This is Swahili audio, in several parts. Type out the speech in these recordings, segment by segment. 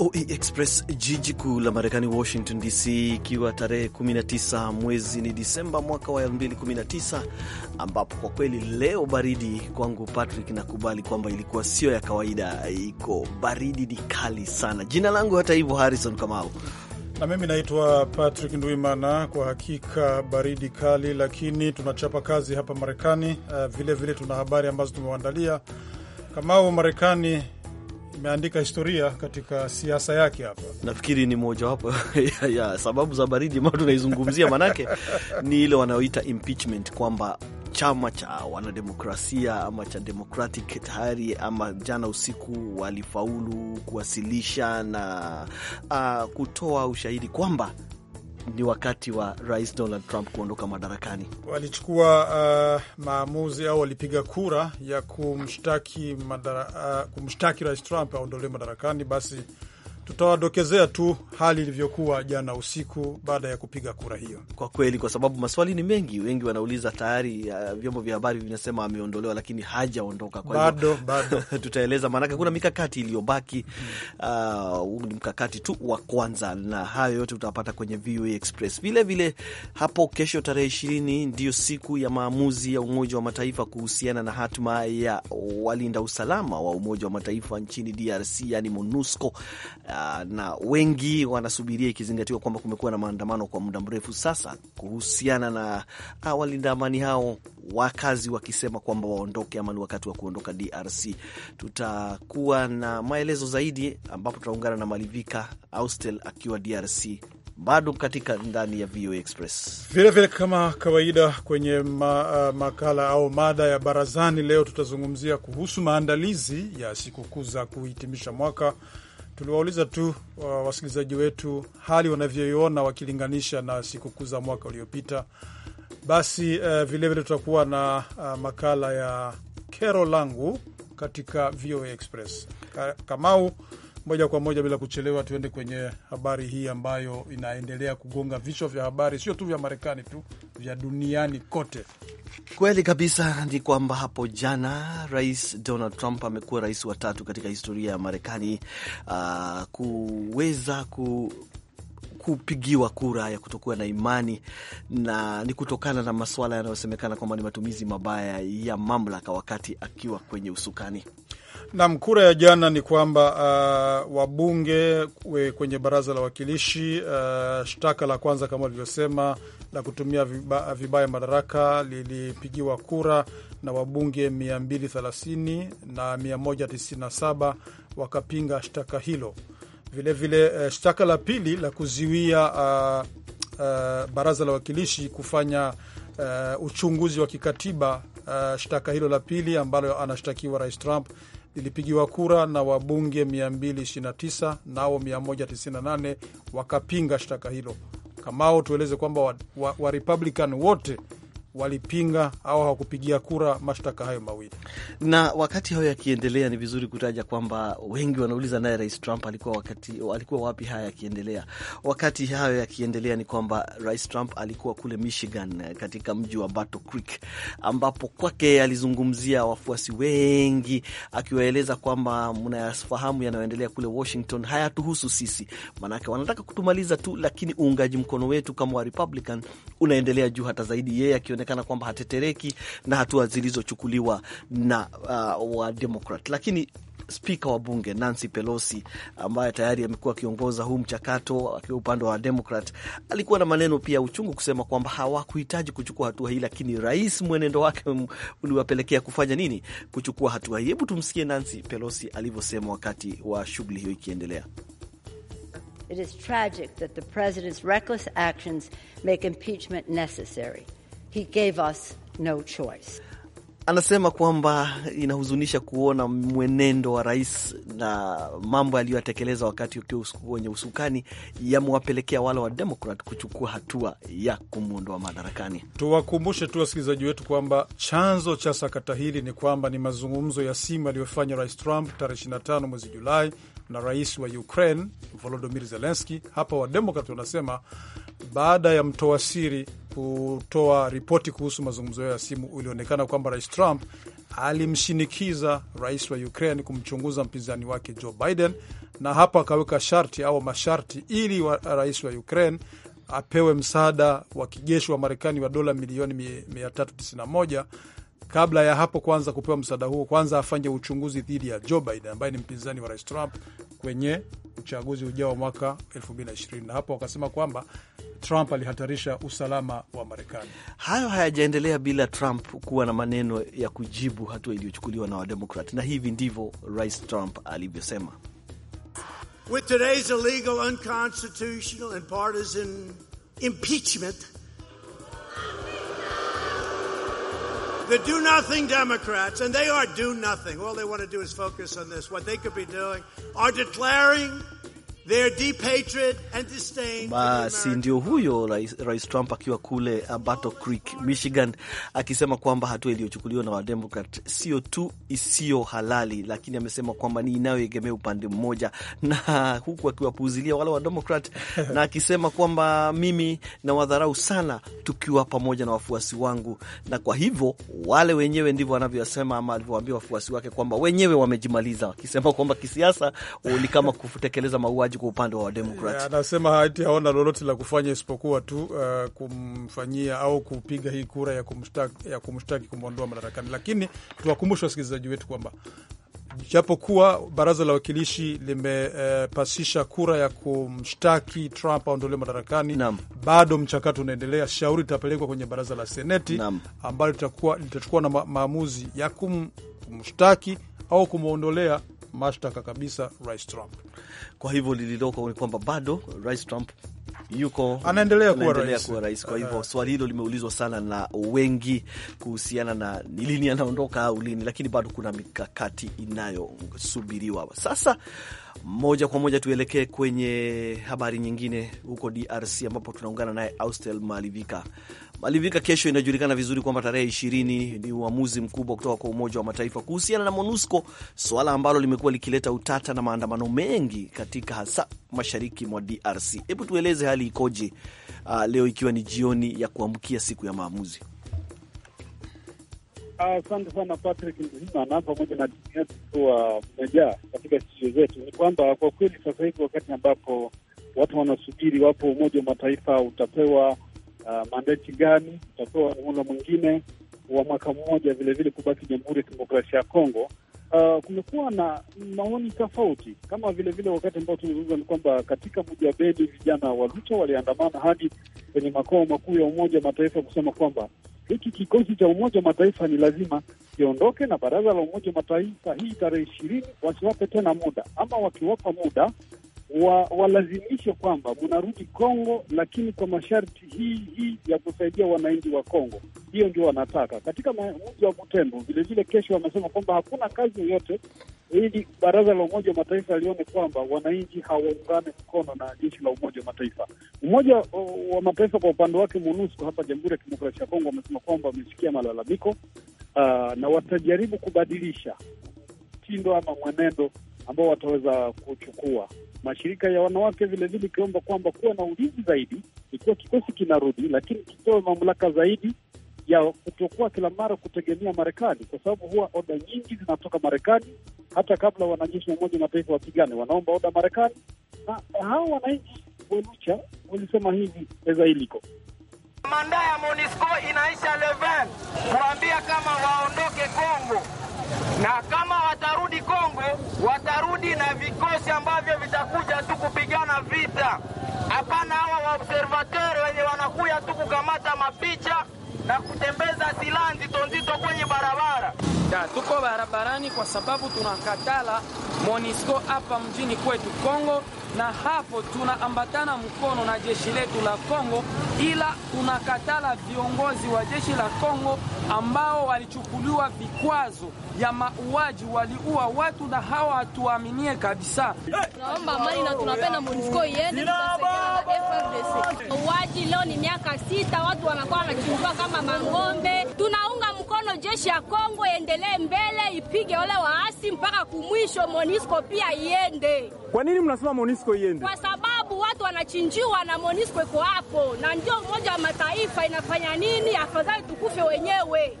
VOA e Express, jiji kuu la Marekani, Washington DC, ikiwa tarehe 19 mwezi ni Disemba mwaka wa 2019, ambapo kwa kweli leo baridi kwangu, Patrick, nakubali kwamba ilikuwa sio ya kawaida, iko baridi, ni kali sana. Jina langu hata hivyo Harrison Kamau na mimi naitwa Patrick Ndwimana. Kwa hakika baridi kali, lakini tunachapa kazi hapa Marekani. Uh, eh, vilevile tuna habari ambazo tumewaandalia Kamau. Marekani imeandika historia katika siasa yake hapa. Nafikiri ni mojawapo ya, ya sababu za baridi ambayo tunaizungumzia, manake ni ile wanaoita impeachment kwamba chama cha wanademokrasia ama cha Democratic tayari ama jana usiku walifaulu kuwasilisha na uh, kutoa ushahidi kwamba ni wakati wa Rais Donald Trump kuondoka madarakani. Walichukua uh, maamuzi au walipiga kura ya kumshtaki madara, uh, kumshtaki Rais Trump aondolewe madarakani. Basi tutawadokezea tu hali ilivyokuwa jana usiku baada ya kupiga kura hiyo. Kwa kweli, kwa sababu maswali ni mengi, wengi wanauliza tayari. Uh, vyombo vya habari vinasema ameondolewa, lakini hajaondoka bado, bado. Tutaeleza maanake kuna mikakati iliyobaki. Uh, ni mkakati tu wa kwanza, na hayo yote utapata kwenye VOA e Express. Vilevile hapo kesho tarehe ishirini ndiyo siku ya maamuzi ya Umoja wa Mataifa kuhusiana na hatma ya walinda usalama wa Umoja wa Mataifa nchini DRC, yani MONUSCO uh, na wengi wanasubiria, ikizingatiwa kwamba kumekuwa na maandamano kwa muda mrefu sasa kuhusiana na ah, walinda amani hao, wakazi wakisema kwamba waondoke ama ni wakati wa kuondoka DRC. Tutakuwa na maelezo zaidi ambapo tutaungana na Malivika Austel akiwa DRC bado katika ndani ya VOA Express. Vilevile, vile kama kawaida kwenye ma, uh, makala au mada ya barazani, leo tutazungumzia kuhusu maandalizi ya sikukuu za kuhitimisha mwaka tuliwauliza tu uh, wasikilizaji wetu hali wanavyoiona wakilinganisha na sikukuu za mwaka uliopita. Basi vilevile uh, tutakuwa na uh, makala ya kero langu katika VOA Express. Kamau moja kwa moja bila kuchelewa, tuende kwenye habari hii ambayo inaendelea kugonga vichwa vya habari, sio tu vya Marekani tu, vya duniani kote. Kweli kabisa ni kwamba hapo jana Rais Donald Trump amekuwa rais wa tatu katika historia ya Marekani uh, kuweza ku kupigiwa kura ya kutokuwa na imani, na ni kutokana na masuala yanayosemekana kwamba ni matumizi mabaya ya mamlaka wakati akiwa kwenye usukani. Nam, kura ya jana ni kwamba uh, wabunge kwenye baraza la wawakilishi uh, shtaka la kwanza kama walivyosema la kutumia vibaya viba madaraka lilipigiwa kura na wabunge 230 na 197 wakapinga shtaka hilo. Vilevile vile, uh, shtaka la pili la kuziwia uh, uh, baraza la wawakilishi kufanya uh, uchunguzi wa kikatiba uh, shtaka hilo la pili ambalo anashtakiwa Rais Trump lilipigiwa kura na wabunge 229 nao 198 wakapinga shtaka hilo. Kamao, tueleze kwamba wa, wa, wa Republican wote walipinga au hawakupigia kura mashtaka hayo mawili. Na wakati hayo yakiendelea, ni vizuri kutaja kwamba wengi wanauliza, naye Rais Trump alikuwa, wakati, alikuwa wapi haya yakiendelea? Wakati hayo yakiendelea, ni kwamba Rais Trump alikuwa kule Michigan eh, katika mji wa Battle Creek, ambapo kwake alizungumzia wafuasi wengi, akiwaeleza kwamba mnayafahamu yanayoendelea kule Washington hayatuhusu sisi, maanake wanataka kutumaliza tu, lakini uungaji mkono wetu kama wa Republican unaendelea juu hata zaidi, yeye yeah, anaonekana kwamba hatetereki na hatua zilizochukuliwa na uh, Wademokrat, lakini spika wa bunge Nancy Pelosi ambaye tayari amekuwa akiongoza huu mchakato akiwa upande wa Demokrat alikuwa na maneno pia ya uchungu kusema kwamba hawakuhitaji kuchukua hatua hii, lakini rais mwenendo wake um, uliwapelekea kufanya nini? Kuchukua hatua hii. Hebu tumsikie Nancy Pelosi alivyosema wakati wa shughuli hiyo ikiendelea. It is tragic that the president's reckless actions make impeachment necessary. He gave us no choice. Anasema kwamba inahuzunisha kuona mwenendo wa rais na mambo aliyoyatekeleza wakati ukiwa kwenye usukani yamewapelekea wale wa Demokrat kuchukua hatua ya kumwondoa madarakani. Tuwakumbushe tu wasikilizaji wetu kwamba chanzo cha sakata hili ni kwamba ni mazungumzo ya simu aliyofanya rais Trump tarehe 25 mwezi Julai na rais wa Ukraine Volodymyr Zelensky. Hapa Wademokrat wanasema baada ya mtoa siri kutoa ripoti kuhusu mazungumzo yao ya simu, ulionekana kwamba rais Trump alimshinikiza rais wa Ukraine kumchunguza mpinzani wake Joe Biden, na hapa akaweka sharti au masharti ili wa rais wa Ukraine apewe msaada wa kijeshi wa Marekani wa dola milioni 391 kabla ya hapo kwanza kupewa msaada huo, kwanza afanye uchunguzi dhidi ya Joe Biden ambaye ni mpinzani wa rais Trump kwenye uchaguzi ujao wa mwaka 2020 na hapo wakasema kwamba Trump alihatarisha usalama wa Marekani. Hayo hayajaendelea bila Trump kuwa na maneno ya kujibu hatua iliyochukuliwa na Wademokrat, na hivi ndivyo rais Trump alivyosema: With today's illegal, unconstitutional and partisan impeachment The do nothing Democrats, and they are do nothing. All they want to do is focus on this. What they could be doing are declaring Basi ndio huyo rais, rais Trump akiwa kule uh, Battle Creek, Michigan, akisema kwamba hatua iliyochukuliwa na Wademokrat sio tu isiyo halali, lakini amesema kwamba ni inayoegemea upande mmoja, na huku akiwapuuzilia wale Wademokrat na akisema kwamba mimi na wadharau sana tukiwa pamoja na wafuasi wangu, na kwa hivyo wale wenyewe ndivyo wanavyosema ama alivyowaambia wafuasi wake kwamba wenyewe wamejimaliza, akisema kwamba kisiasa ni kama kutekeleza mauaji ukosoaji kwa upande wa Wademokrat. Eh, anasema hati haona lolote la kufanya isipokuwa tu uh, kumfanyia au kupiga hii kura ya kumshtaki, ya kumshtaki kumwondoa madarakani, lakini tuwakumbushe wasikilizaji wetu kwamba japokuwa baraza la wakilishi limepasisha e, kura ya kumshtaki Trump aondolewe madarakani Nam. bado mchakato unaendelea. Shauri litapelekwa kwenye baraza la seneti ambalo litachukua na ma maamuzi ya kum, kumshtaki au kumwondolea mashtaka kabisa Rais Trump. Kwa hivyo lililoko ni kwamba bado Rais Trump yuko anaendelea kuwa rais. Kuwa rais. Kwa hivyo uh-huh. swali hilo limeulizwa sana na wengi kuhusiana na ni lini anaondoka au lini, lakini bado kuna mikakati inayosubiriwa. Sasa moja kwa moja tuelekee kwenye habari nyingine huko DRC ambapo tunaungana naye Austel Malivika. Malivika, kesho inajulikana vizuri kwamba tarehe ishirini ni uamuzi mkubwa kutoka kwa Umoja wa Mataifa kuhusiana na MONUSCO, suala ambalo limekuwa likileta utata na maandamano mengi katika hasa mashariki mwa DRC. Hebu tueleze hali ikoje uh, leo ikiwa ni jioni ya kuamkia siku ya maamuzi? Asante uh, sana Patrick Nduhimana pamoja na timu yetu kuwa mmejaa katika studio zetu. Ni kwamba kwa kweli sasa hivi wakati ambapo watu wanasubiri wapo Umoja wa Mataifa utapewa Uh, mandati gani, utapewa muhula mwingine wa mwaka mmoja, vilevile kubaki Jamhuri ya Kidemokrasia ya Kongo. Uh, kumekuwa na maoni tofauti, kama vilevile wakati ambao tulizungumza ni kwamba katika mji wa Beni vijana wa Lucha waliandamana hadi kwenye makao makuu ya Umoja wa Mataifa kusema kwamba hiki kikosi cha Umoja wa Mataifa ni lazima kiondoke, na baraza la Umoja wa Mataifa hii tarehe ishirini wasiwape tena muda, ama wakiwapa muda wa, walazimishe kwamba mnarudi Kongo, lakini kwa masharti hii hii ya kusaidia wananchi wa Kongo. Hiyo ndio wanataka katika mji wa Butembo. Vilevile kesho wamesema kwamba hakuna kazi yoyote, ili baraza la Umoja wa Mataifa lione kwamba wananchi hawaungane mkono na jeshi la Umoja wa Mataifa. Umoja wa Mataifa kwa upande wake, MONUSCO hapa Jamhuri ya Kidemokrasia ya Kongo wamesema kwamba wamesikia malalamiko uh, na watajaribu kubadilisha mtindo ama mwenendo ambao wataweza kuchukua mashirika ya wanawake vilevile ikiomba kwamba kuwa na ulinzi zaidi ikiwa kikosi kinarudi, lakini kitoe mamlaka zaidi ya kutokuwa kila mara kutegemea Marekani, kwa sababu huwa oda nyingi zinatoka Marekani hata kabla wanajeshi wa Umoja Mataifa wapigane, wanaomba oda Marekani. Na hao wananchi wa walisema hivi, meza iliko Manda ya MONUSCO inaisha leven kuambia kama waondoke Kongo, na kama watarudi Kongo watarudi na vikosi ambavyo vitakuja tu kupigana vita. Hapana hawa waobservateur wenye wanakuya tu kukamata mapicha na kutembeza silaha nzito nzito kwenye barabara. ya, tuko barabarani kwa sababu tunakatala Monisco hapa mjini kwetu Kongo, na hapo tunaambatana mkono na jeshi letu la Kongo, ila tunakatala viongozi wa jeshi la Kongo ambao walichukuliwa vikwazo ya mauaji, waliua watu na hawa hatuaminie kabisa. Tunaomba amani na tunapenda MONUSCO iende na FARDC. Mauaji leo ni miaka sita, watu wanakuwa wanachinjwa kama mang'ombe. Tunaunga mkono jeshi ya Kongo endelee mbele, ipige wale waasi mpaka kumwisho. MONUSCO pia iende. Kwa nini mnasema MONUSCO iende? Kwa sababu watu wanachinjiwa na Monisco iko hapo, na ndio Umoja wa Mataifa inafanya nini? Afadhali tukufe wenyewe.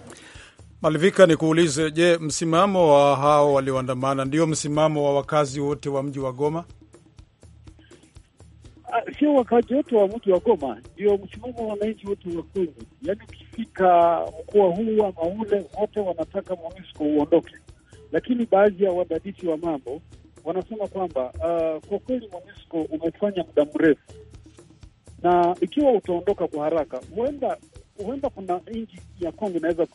Malivika, ni kuulize je, msimamo wa hao walioandamana ndio msimamo wa wakazi wote wa mji wa Goma? Ah, sio wakazi wote wa mji wa Goma, ndio msimamo wa wananchi wote wa Kongo. Yaani ukifika mkoa huu ama ule, wote wanataka Monisco uondoke, lakini baadhi ya wadadisi wa mambo wanasema kwamba uh, kwa kweli MONUSCO umefanya muda mrefu, na ikiwa utaondoka kwa haraka, huenda huenda kuna nchi ya Kongo inaweza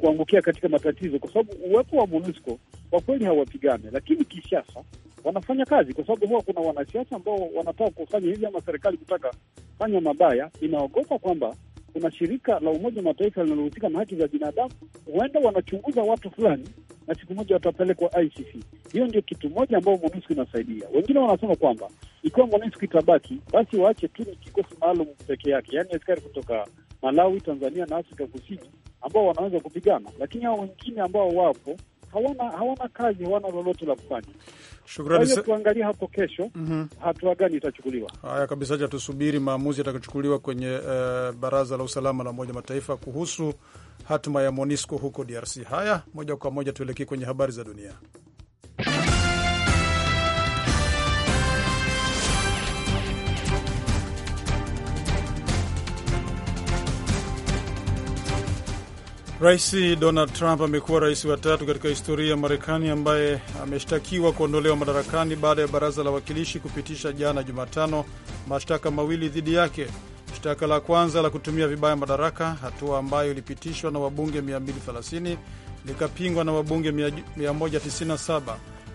kuangukia katika matatizo, kwa sababu uwepo wa MONUSCO kwa kweli hawapigane, lakini kisiasa wanafanya kazi, kwa sababu huwa kuna wanasiasa ambao wanataka kufanya hivi ama serikali kutaka fanya mabaya, inaogopa kwamba kuna shirika la Umoja wa Mataifa linalohusika na haki za binadamu, huenda wanachunguza watu fulani na siku moja watapelekwa ICC. Hiyo ndio kitu moja ambayo MONUSCO inasaidia. Wengine wanasema kwamba ikiwa MONUSCO itabaki, basi waache tu ni kikosi maalum peke yake, yaani askari kutoka Malawi, Tanzania na Afrika Kusini ambao wanaweza kupigana, lakini hao wengine ambao wapo hawana hawana kazi, hawana lolote la kufanya. Shukrani sana. Tuangalie hapo kesho, mm -hmm. hatua gani itachukuliwa. Haya kabisa, cha tusubiri maamuzi yatakayochukuliwa kwenye uh, baraza la usalama la Umoja Mataifa kuhusu hatima ya MONUSCO huko DRC. Haya, moja kwa moja tuelekee kwenye habari za dunia. Rais Donald Trump amekuwa rais wa tatu katika historia ya Marekani ambaye ameshtakiwa kuondolewa madarakani baada ya baraza la wawakilishi kupitisha jana Jumatano mashtaka mawili dhidi yake. Shtaka la kwanza la kutumia vibaya madaraka, hatua ambayo ilipitishwa na wabunge 230 likapingwa na wabunge 197.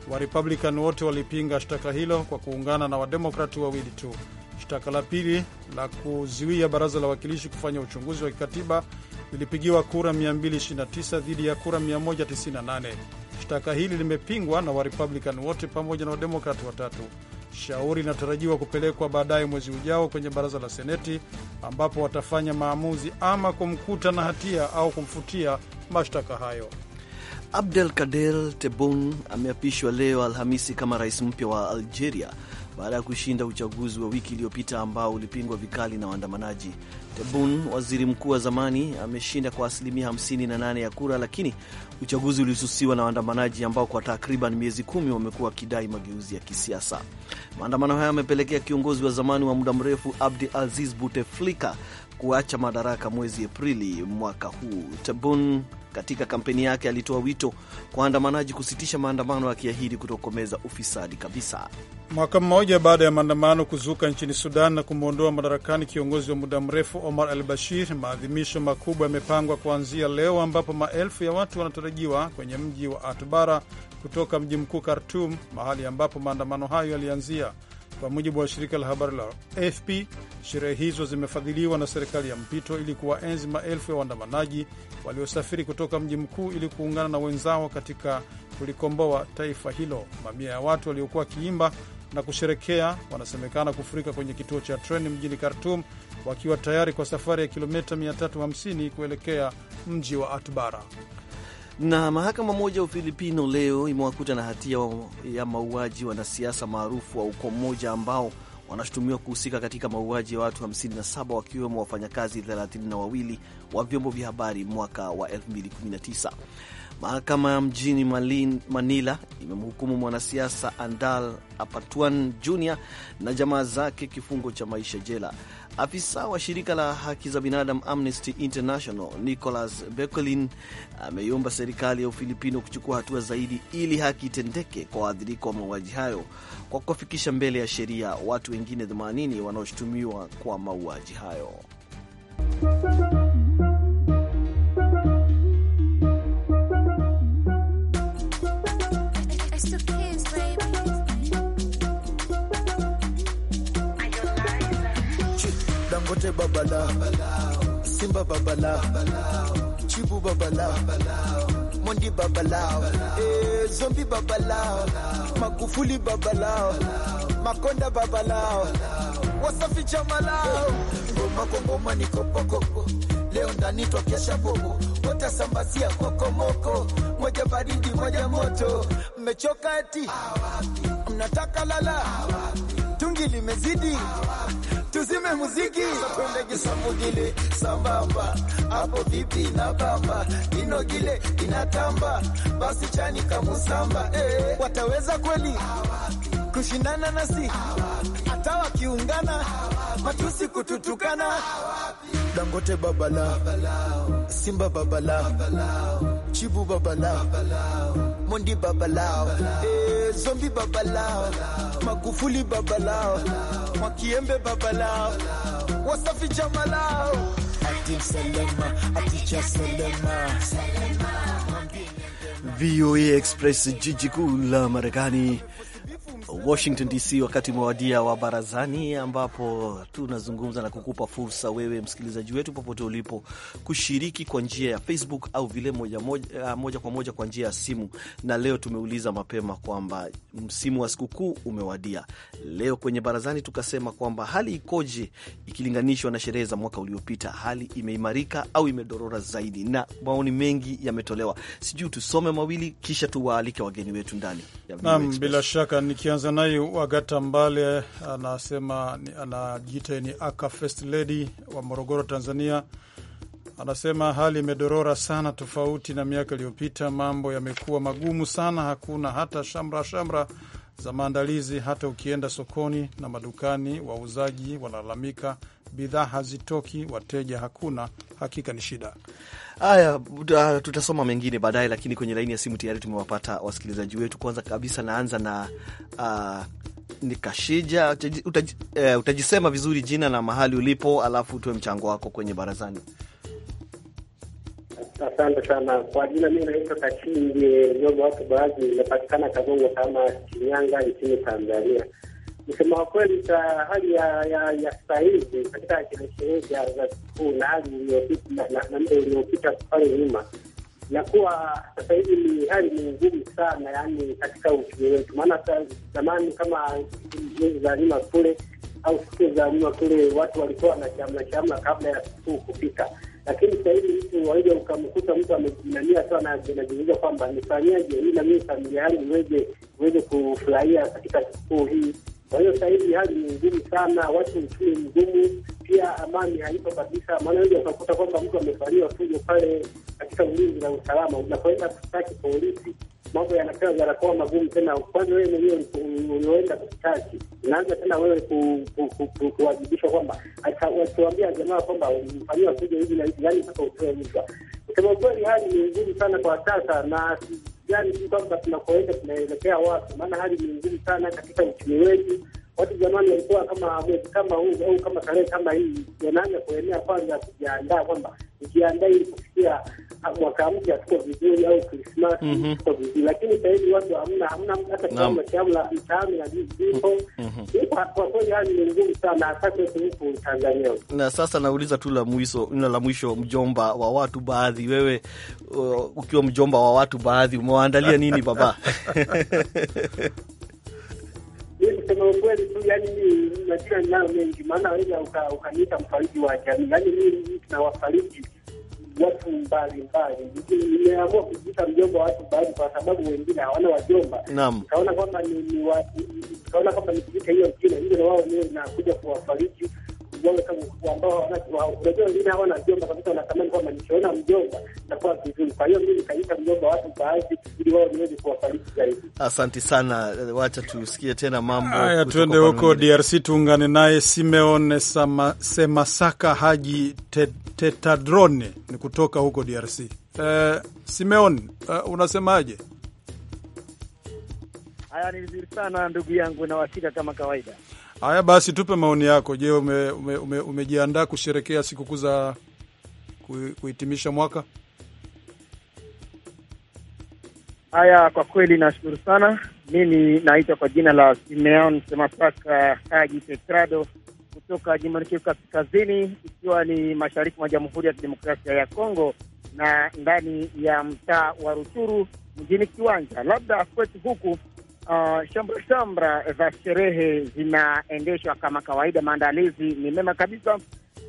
Warepublican wote walipinga shtaka hilo kwa kuungana na wademokrati wawili tu. Shtaka la pili la kuzuia baraza la wawakilishi kufanya uchunguzi wa kikatiba lilipigiwa kura 229 dhidi ya kura 198. Shtaka hili limepingwa na Warepublican wote pamoja na Wademokrati watatu. Shauri linatarajiwa kupelekwa baadaye mwezi ujao kwenye baraza la Seneti, ambapo watafanya maamuzi ama kumkuta na hatia au kumfutia mashtaka hayo. Abdel Kader Tebboune ameapishwa leo Alhamisi kama rais mpya wa Algeria baada ya kushinda uchaguzi wa wiki iliyopita ambao ulipingwa vikali na waandamanaji. Tebun, waziri mkuu wa zamani, ameshinda kwa asilimia 58 ya kura, lakini uchaguzi ulisusiwa na waandamanaji ambao kwa takriban miezi kumi wamekuwa wakidai mageuzi ya kisiasa. Maandamano hayo yamepelekea kiongozi wa zamani wa muda mrefu Abdi Aziz Buteflika kuacha madaraka mwezi Aprili mwaka huu. Tebun katika kampeni yake alitoa wito kwa waandamanaji kusitisha maandamano, akiahidi kutokomeza ufisadi kabisa. Mwaka mmoja baada ya maandamano kuzuka nchini Sudan na kumwondoa madarakani kiongozi wa muda mrefu Omar al Bashir, maadhimisho makubwa yamepangwa kuanzia leo, ambapo maelfu ya watu wanatarajiwa kwenye mji wa Atbara kutoka mji mkuu Khartum, mahali ambapo maandamano hayo yalianzia. Kwa mujibu wa shirika la habari la AFP, sherehe hizo zimefadhiliwa na serikali ya mpito ili kuwaenzi maelfu ya waandamanaji waliosafiri kutoka mji mkuu ili kuungana na wenzao katika kulikomboa taifa hilo. Mamia ya watu waliokuwa wakiimba na kusherekea wanasemekana kufurika kwenye kituo cha treni mjini Khartum wakiwa tayari kwa safari ya kilomita 350 kuelekea mji wa Atbara. Na mahakama moja ya Ufilipino leo imewakuta na hatia ya mauaji wanasiasa maarufu wa ukoo mmoja ambao wanashutumiwa kuhusika katika mauaji ya watu 57 wakiwemo wafanyakazi 32 wa vyombo vya habari mwaka wa 2019. Mahakama ya mjini Manila imemhukumu mwanasiasa Andal Apatuan Jr na jamaa zake kifungo cha maisha jela. Afisa wa shirika la haki za binadamu Amnesty International Nicholas Bequelin ameiomba serikali ya Ufilipino kuchukua hatua zaidi ili haki itendeke kwa waathirika wa mauaji hayo kwa kuwafikisha mbele ya sheria watu wengine 80 wanaoshutumiwa kwa mauaji hayo. Mte babala Simba babala Chibu babala Mondi babala, eh, Zombi Magufuli babala Makonda babala Wasafi chamalao Ngoma kongoma ni kopokoko Leo ndani twakesha bobo watasambazia kokomoko, moja baridi moja moto. Mmechoka eti mnataka lala, tungi limezidi tuzime muziki twende gile sambamba hapo vipi na bamba inogile inatamba basi chani kamusamba eh. Wataweza kweli kushindana nasi hata wakiungana matusi kututukana Dangote babala Simba babala Chibu babala Mondi babalao eh. Zombi babalao, Magufuli babalao, Mwakiembe babalao, Wasafi jamalao, Atim Selema, Aticha Selema, Selema. VOA Express, jiji kuu la Marekani Washington DC, wakati umewadia wa barazani, ambapo tunazungumza na kukupa fursa wewe msikilizaji wetu popote ulipo kushiriki kwa njia ya Facebook au vile moja, moja, eh, moja kwa moja kwa njia ya simu. Na leo tumeuliza mapema kwamba msimu wa sikukuu umewadia. Leo kwenye barazani tukasema kwamba hali ikoje ikilinganishwa na sherehe za mwaka uliopita, hali imeimarika au imedorora zaidi? Na maoni mengi yametolewa, sijui tusome mawili kisha tuwaalike wageni wetu ndani. bila shaka nikia Tukianza naye Wagata Mbale anasema anajiita ni aka first lady wa Morogoro, Tanzania. Anasema hali imedorora sana, tofauti na miaka iliyopita. Mambo yamekuwa magumu sana, hakuna hata shamra shamra za maandalizi. Hata ukienda sokoni na madukani, wauzaji wanalalamika bidhaa hazitoki, wateja hakuna. Hakika ni shida. Haya, uh, tutasoma mengine baadaye, lakini kwenye laini ya simu tayari tumewapata wasikilizaji wetu. Kwanza kabisa naanza na uh, nikashija utaji, uh, utajisema vizuri jina na mahali ulipo, alafu utoe mchango wako kwenye barazani. Asante sana kwa jina, mi naitwa Kashinje Nyogo, watu baadhi inapatikana Kagongo kama kinyanga nchini Tanzania. Kusema kweli kwa hali ya ya, ya sasa hivi katika sherehe za sikukuu na hali iliyopita na muda iliyopita pale nyuma, inakuwa sasa hivi ni hali ni ngumu sana, yani katika uchumi wetu, maana zamani kama mwezi za nyuma kule au siku za nyuma kule watu walikuwa chama chama kabla ya sikukuu kufika, lakini sasa hivi mtu waija ukamkuta mtu amejinamia tu anajiuliza kwamba nifanyaje ili na mimi familia yangu iweze kufurahia katika sikukuu hii. Kwa hiyo sasa hivi hali ni ngumu sana, watu uchumi mgumu, pia amani haipo kabisa. Maana wengi watakuta kwamba mtu amefaliwa fujo pale katika ulinzi na usalama, unapoenda kustaki polisi mambo yanakaa yanakuwa magumu tena. Kwanza wewe mwenyewe ulioenda kustaki, unaanza tena wewe kuwajibishwa kwamba akiwambia jamaa kwamba mfanyiwa fujo hivi na hivi, yani mpaka utoe rushwa. Kusema kweli, hali ni ngumu sana kwa sasa na gani hii kwamba tunakoweza tunaelekea wapi, maana hali ni nzuri sana katika uchumi wetu watu jamani, walikuwa kama mwezi kama huu au kama tarehe kama hii yanaanza kuenea kwanza, kujiandaa kwamba ukiandaa ili kufikia mwaka mpya tuko vizuri, au Krismasi mhm. tuko vizuri, lakini sahizi watu hamna hamna hata kiama cha mtaani na vipo vipo. Mhm. Kwa kweli hali ni ngumu sana, hasa kwetu huku Tanzania. Na sasa nauliza tu la mwisho na la mwisho, mjomba wa watu baadhi, wewe uh, ukiwa mjomba wa watu baadhi, umewaandalia nini baba? mimi kusema ukweli tu, yani mi najua ninayo mengi, maana weza ukaniita mfariji wa jamii. Yani mimi tunawafariji watu mbalimbali. Nimeamua kujiita mjomba wa watu baadhi, kwa sababu wengine hawana wajomba. Kaona kwamba ni kaona kwamba nikijiita hiyo jina hilo, na wao ndio nakuja kuwafariji ambao Asante sana, wacha tusikie tena mambo haya. Tuende huko DRC tuungane naye simeon Semasaka Haji Tetadrone ni kutoka huko DRC. Uh, eh, Simeon uh, unasemaje? Haya, ni vizuri sana ndugu yangu, na kama kawaida Haya basi, tupe maoni yako. Je, umejiandaa ume, ume, kusherekea sikukuu za kuhitimisha mwaka? Haya, kwa kweli nashukuru sana. Mimi naitwa kwa jina la Simeon Semapaka Haji Tetrado kutoka Jamhuri Kaskazini, ikiwa ni mashariki mwa Jamhuri ya Kidemokrasia ya Kongo na ndani ya mtaa wa Ruchuru mjini Kiwanja. Labda kwetu huku Uh, shamra shamra za sherehe zinaendeshwa kama kawaida. Maandalizi ni mema kabisa,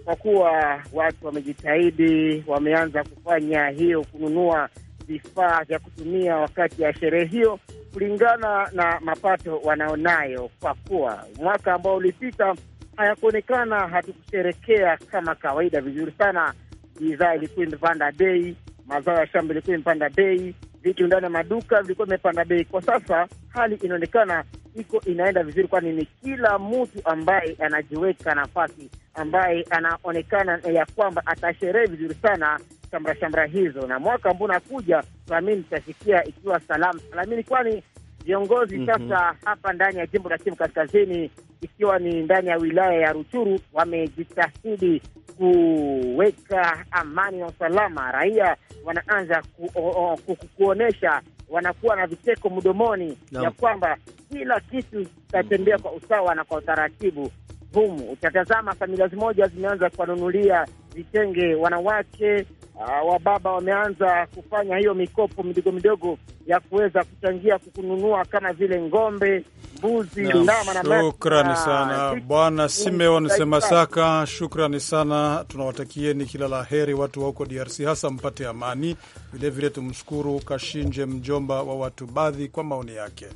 kwa kuwa watu wamejitahidi, wameanza kufanya hiyo, kununua vifaa vya kutumia wakati ya sherehe hiyo kulingana na mapato wanaonayo, kwa kuwa mwaka ambao ulipita hayakuonekana, hatukusherekea kama kawaida vizuri sana. Bidhaa ilikuwa imepanda bei, mazao ya shamba ilikuwa imepanda bei vitu ndani ya maduka vilikuwa vimepanda bei. Kwa sasa hali inaonekana iko inaenda vizuri, kwani ni kila mtu ambaye anajiweka nafasi, ambaye anaonekana ya kwamba atasherehe vizuri sana shamra shamra hizo, na mwaka ambao unakuja tuamini tutasikia ikiwa salamu salamini, kwani viongozi mm -hmm. Sasa hapa ndani ya jimbo la Kivu Kaskazini ikiwa ni ndani ya wilaya ya Ruchuru, wamejitahidi kuweka amani na usalama. Raia wanaanza ku, o, o, kuonyesha wanakuwa na viteko mdomoni no. ya kwamba kila kitu kitatembea kwa usawa na kwa utaratibu humu. Utatazama familia zimoja zimeanza kuwanunulia vitenge, wanawake uh, ah, wababa wameanza kufanya hiyo mikopo midogo midogo ya kuweza kuchangia kukununua kama vile ng'ombe, mbuzi, ndama na shukrani ah, sana Bwana Simeon Semasaka, shukrani sana. Tunawatakieni kila la heri watu wa huko DRC, hasa mpate amani. Vilevile tumshukuru Kashinje, mjomba wa watu badhi, kwa maoni yake.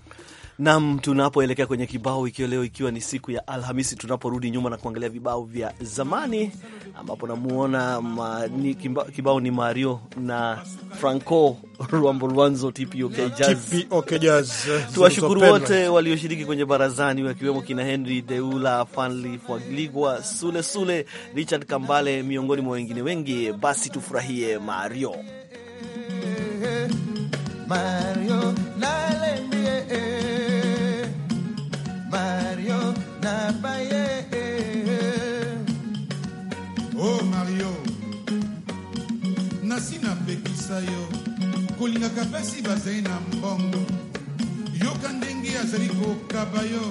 Nam, tunapoelekea kwenye kibao, ikiwa leo ikiwa ni siku ya Alhamisi, tunaporudi nyuma na kuangalia vibao vya zamani, ambapo namuona kibao ni Mario na Franco Rwambo Rwanzo, TPOK Jazz. TPOK Jazz. Tuwashukuru wote walioshiriki kwenye barazani, wakiwemo kina Henry Deula, Fanli Fwagligwa, Sule Sule, Richard Kambale, miongoni mwa wengine wengi. Basi tufurahie Mario, Mario. pesa yo kolingaka pasi bazali na mbongo yoka ndenge azali kokaba yo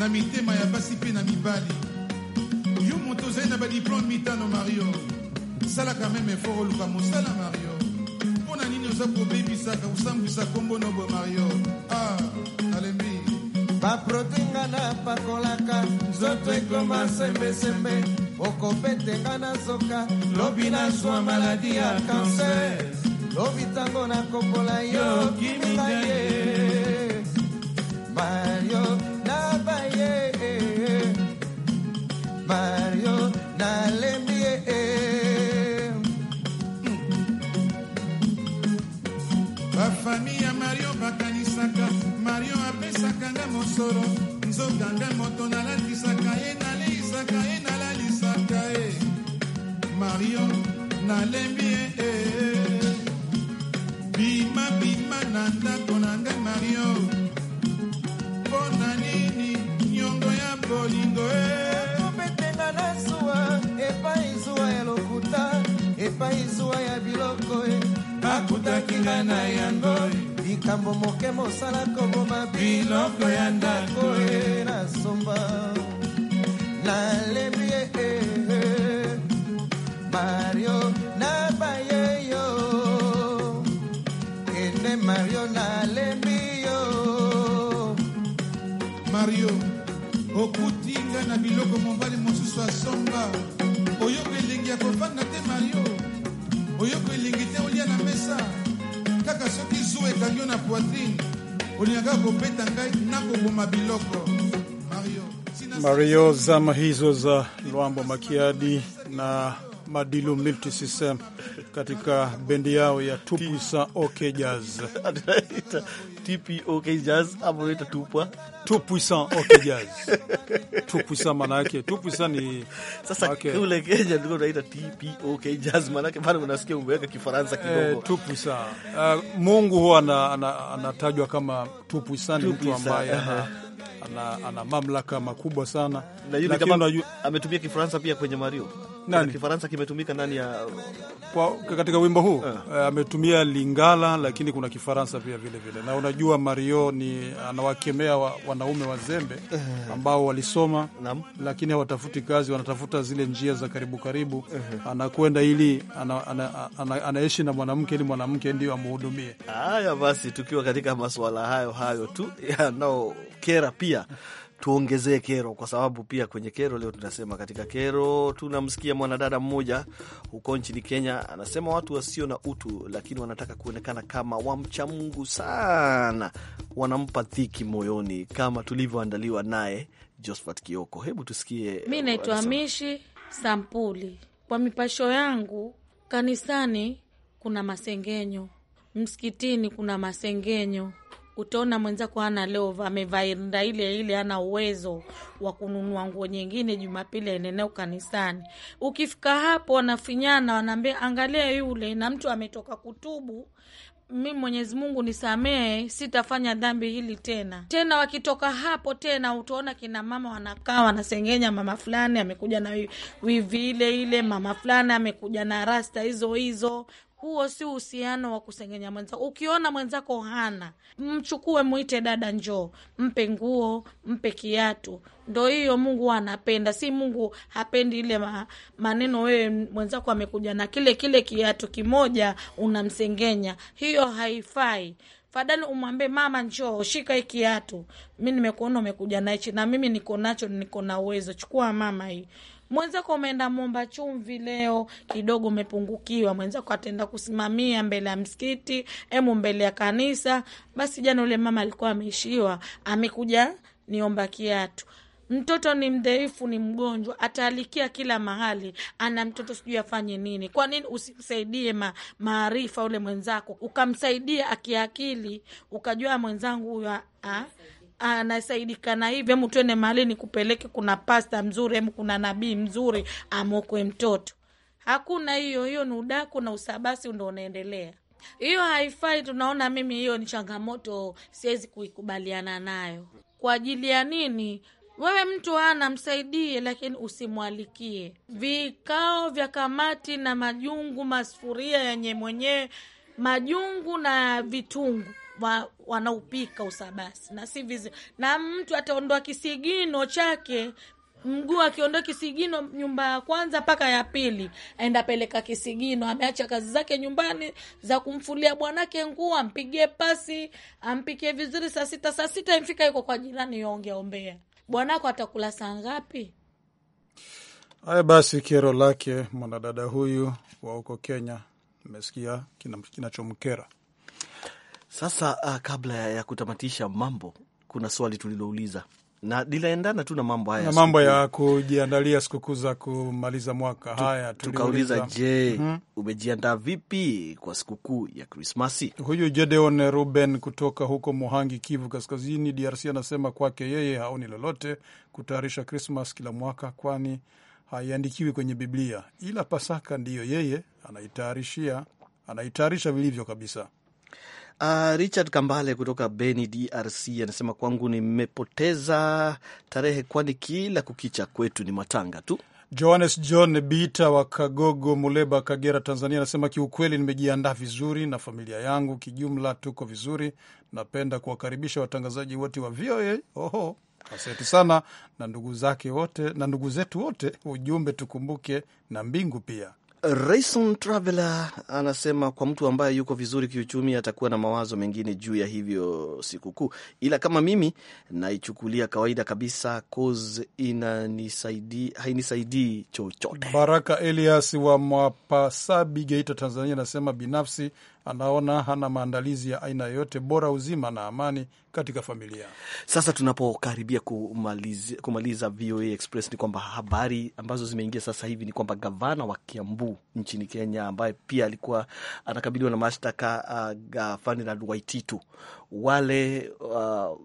na mitema ya basi mpe na mibali yo moto ozali na badiplome mitano mario salaka meme oluka mosala mario mpo na nini oza kobebisaka kosambwisa kombo mario ah nzoto ekoma sembesembe na zoka lobi nazwa maladi ya kanser lobi ntango nakopola yo kimisa ye mario mario okotinga na biloko mobali mosusu asomba oyoko elengi ya kofanda te mario oyoko elengi te olia na mesa kaka soki zuwa ekangi yo na poitrine olingaka kobeta ngai nakoboma biloko mario mario zama hizo za lwambo makiadi na Madilu Multisystem katika bendi yao ya Tupusa OK TP OK Jazz ama weta tupwa tu puissant OK Jazz tu puissant, maana tu puissant ni sasa okay. Kule Kenya ndio unaita TP OK Jazz, manake bado unasikia umeweka Kifaransa eh, kidogo eh, tu puissant. Uh, Mungu huwa anatajwa kama tu puissant, mtu ambaye ana, ana mamlaka makubwa sana na yule jamaa yu... ametumia Kifaransa pia kwenye Mario nani? Kifaransa kimetumika ndani ya kwa katika wimbo huu uh, ametumia Lingala lakini kuna Kifaransa pia vile vile, na unajua Mario ni anawakemea wa, wanaume wazembe eh. ambao walisoma Nam. lakini hawatafuti kazi, wanatafuta zile njia za karibu karibu uh -huh. anakwenda ili ana, ana, ana, anaishi na mwanamke ili mwanamke ndio amhudumie. Haya basi, tukiwa katika masuala hayo hayo tu yanayokera pia pia tuongezee kero, kwa sababu pia kwenye kero leo tunasema, katika kero tunamsikia mwanadada mmoja huko nchini Kenya anasema watu wasio na utu, lakini wanataka kuonekana kama wamcha Mungu sana, wanampa dhiki moyoni, kama tulivyoandaliwa naye Josphat Kioko. Hebu tusikie. Eh, Mi naitwa Mishi Sampuli. Kwa mipasho yangu, kanisani kuna masengenyo, msikitini kuna masengenyo utaona mwenzako ana leo amevairinda ile ile, ana uwezo wa kununua nguo nyingine Jumapili aeneneo kanisani. Ukifika hapo wanafinyana, wanaambia angalia yule, na mtu ametoka kutubu mi Mwenyezi Mungu nisamehe, sitafanya dhambi hili tena tena. Wakitoka hapo tena, utaona kina mama wanakaa wanasengenya, mama fulani amekuja na wivi ile ile, mama fulani amekuja na rasta hizo hizo, huo si uhusiano wa kusengenya mwenzako. Ukiona mwenzako hana, mchukue, mwite, dada njoo, mpe nguo, mpe kiatu. Ndo hiyo Mungu anapenda, si Mungu hapendi ile ma, maneno wewe mwenzako amekuja na kile kile kiatu kimoja unamsengenya, hiyo haifai. Fadhali umwambie mama, njoo shika hii kiatu, mi nimekuona umekuja naichi, na mimi niko nacho, niko na uwezo, chukua mama hii mwenzako umeenda momba chumvi leo kidogo umepungukiwa, mwenzako ataenda kusimamia mbele ya msikiti, emu mbele ya kanisa. Basi jana ule mama alikuwa ameishiwa, amekuja niomba kiatu mtoto ni mdhaifu, ni mgonjwa, ataalikia kila mahali, ana mtoto sijui afanye nini. Kwa nini usimsaidie ma, maarifa ule mwenzako, ukamsaidia akiakili, ukajua mwenzangu huyo anasaidika na hivi, hemu twende mahali kupeleke, kuna pasta mzuri, hemu kuna nabii mzuri, amokwe mtoto. Hakuna hiyo hiyo, ni udaku na usabasi ndo unaendelea. Hiyo haifai, tunaona mimi hiyo ni changamoto, siwezi kuikubaliana nayo. Kwa ajili ya nini? Wewe mtu ana msaidie, lakini usimwalikie vikao vya kamati na majungu, masufuria yenye mwenyewe majungu na vitungu wa, wanaupika usabasi na si vizuri, na mtu ataondoa kisigino chake mguu akiondoa kisigino nyumba ya kwanza mpaka ya pili, aenda peleka kisigino. Ameacha kazi zake nyumbani za kumfulia bwanake nguo, ampigie pasi, ampike vizuri. Saa sita saa sita imfika iko kwa jirani, yonge ombea. Bwanako atakula saa ngapi? Haya basi, kero lake mwanadada huyu wa huko Kenya, mmesikia kinachomkera. Sasa uh, kabla ya kutamatisha mambo, kuna swali tulilouliza na linaendana tu na mambo haya na mambo ya kujiandalia sikukuu za kumaliza mwaka. Haya, tukauliza je, -hmm. umejiandaa vipi kwa sikukuu ya Krismasi? Huyu Jedeon Ruben kutoka huko Muhangi, Kivu Kaskazini, DRC, anasema kwake yeye haoni lolote kutayarisha Krismas kila mwaka, kwani haiandikiwi kwenye Biblia, ila Pasaka ndiyo yeye anaitayarishia anaitayarisha vilivyo kabisa. Uh, Richard Kambale kutoka Beni, DRC anasema kwangu nimepoteza tarehe, kwani kila kukicha kwetu ni matanga tu. Johannes John Bita wa Kagogo, Muleba, Kagera, Tanzania anasema kiukweli, nimejiandaa vizuri na familia yangu, kijumla tuko vizuri. Napenda kuwakaribisha watangazaji wote wa VOA. Oho, asante sana na ndugu zake wote na ndugu zetu wote. Ujumbe tukumbuke na mbingu pia Rayson Traveler anasema kwa mtu ambaye yuko vizuri kiuchumi atakuwa na mawazo mengine juu ya hivyo sikukuu, ila kama mimi naichukulia kawaida kabisa, cause inanisaidii hainisaidii chochote. Baraka Elias wa Mwapasabi, Geita, Tanzania anasema binafsi anaona hana maandalizi ya aina yoyote, bora uzima na amani katika familia. Sasa tunapokaribia kumaliza, kumaliza VOA Express, ni kwamba habari ambazo zimeingia sasa hivi ni kwamba gavana wa Kiambu nchini Kenya, ambaye pia alikuwa anakabiliwa na mashtaka uh, Ferdinand Waititu, wale uh,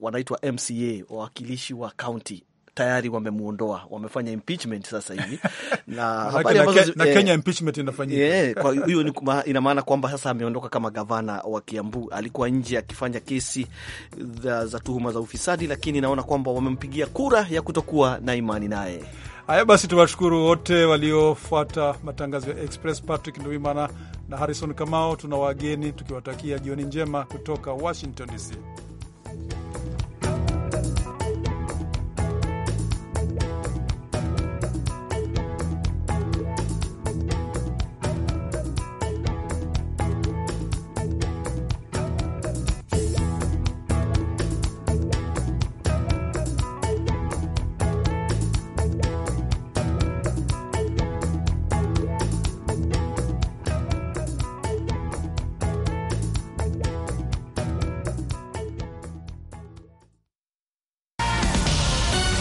wanaitwa MCA wawakilishi wa kaunti tayari wamemuondoa, wamefanya impeachment sasa hivi na na, ke, na eh. Kenya impeachment inafanyika yeah, kwa hiyo ina maana kwamba sasa ameondoka kama gavana wa Kiambu. Alikuwa nje akifanya kesi za, za tuhuma za ufisadi, lakini naona kwamba wamempigia kura ya kutokuwa na imani naye. Haya basi, tuwashukuru wote waliofuata matangazo ya Express. Patrick Ndwimana na Harrison Kamao tuna wageni tukiwatakia jioni njema kutoka Washington DC.